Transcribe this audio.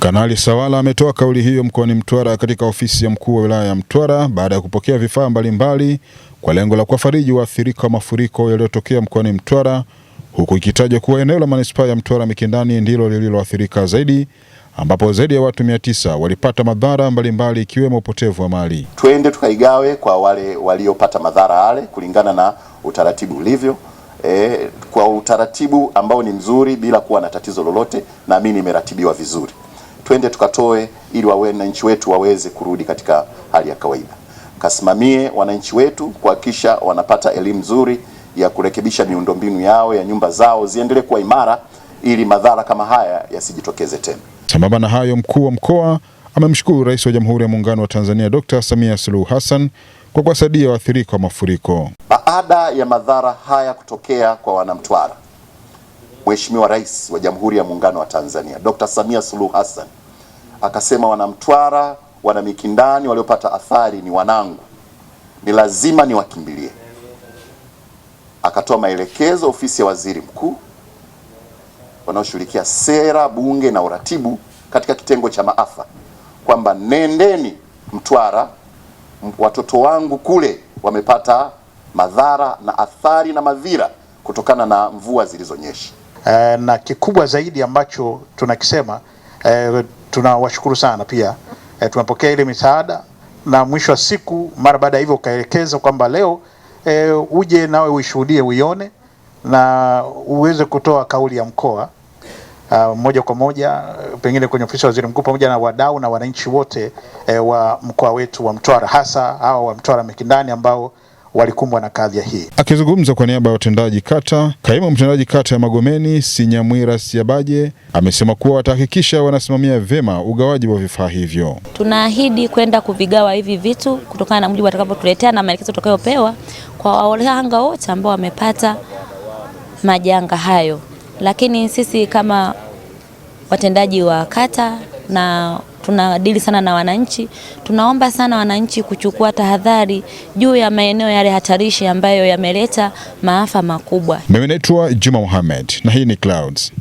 Kanali Sawala ametoa kauli hiyo mkoani Mtwara katika ofisi ya mkuu wa wilaya ya Mtwara baada ya kupokea vifaa mbalimbali kwa lengo la kuwafariji waathirika wa mafuriko yaliyotokea mkoani Mtwara, huku ikitajwa kuwa eneo la manispaa ya Mtwara Mikindani ndilo lililoathirika zaidi, ambapo zaidi ya watu mia tisa walipata madhara mbalimbali ikiwemo upotevu wa mali. Twende tukaigawe kwa wale waliopata madhara yale kulingana na utaratibu ulivyo. E, kwa utaratibu ambao ni mzuri bila kuwa na tatizo lolote, na mimi nimeratibiwa vizuri twende tukatoe ili wananchi wetu waweze kurudi katika hali ya kawaida. Kasimamie wananchi wetu kuhakikisha wanapata elimu nzuri ya kurekebisha miundombinu yao ya nyumba zao ziendelee kuwa imara ili madhara kama haya yasijitokeze tena. Sambamba na hayo, mkuu wa mkoa amemshukuru Rais wa Jamhuri ya Muungano wa Tanzania Dr. Samia Suluhu Hassan kwa kuwasaidia waathirika wa mafuriko. Baada ya madhara haya kutokea kwa wanamtwara, Mheshimiwa Rais wa Jamhuri ya Muungano wa Tanzania Dr. Samia Suluhu Hassan akasema, Wanamtwara, Wanamikindani waliopata athari ni wanangu, ni lazima niwakimbilie. Akatoa maelekezo ofisi ya waziri mkuu wanaoshughulikia sera, bunge na uratibu katika kitengo cha maafa kwamba nendeni Mtwara, watoto wangu kule wamepata madhara na athari na madhira kutokana na mvua zilizonyesha. E, na kikubwa zaidi ambacho tunakisema e, tunawashukuru sana pia e, tumepokea ile misaada na mwisho wa siku, mara baada ya hivyo ukaelekeza kwamba leo e, uje nawe uishuhudie uione na uweze kutoa kauli ya mkoa Uh, moja kwa moja pengine kwenye ofisi ya waziri mkuu pamoja na wadau na wananchi wote e, wa mkoa wetu wa Mtwara hasa hawa wa Mtwara Mikindani ambao walikumbwa na kadhia hii. Akizungumza kwa niaba ya watendaji kata, kaimu mtendaji kata ya Magomeni Sinyamwira Siabaje amesema kuwa watahakikisha wanasimamia vyema ugawaji wa vifaa hivyo. Tunaahidi kwenda kuvigawa hivi vitu kutokana na mjibu watakapotuletea na maelekezo tutakayopewa kwa wahanga wote ambao wamepata majanga hayo, lakini sisi kama watendaji wa kata na tunadili sana na wananchi. Tunaomba sana wananchi kuchukua tahadhari juu ya maeneo yale hatarishi ambayo yameleta maafa makubwa. Mimi naitwa Juma Mohamed na hii ni Clouds.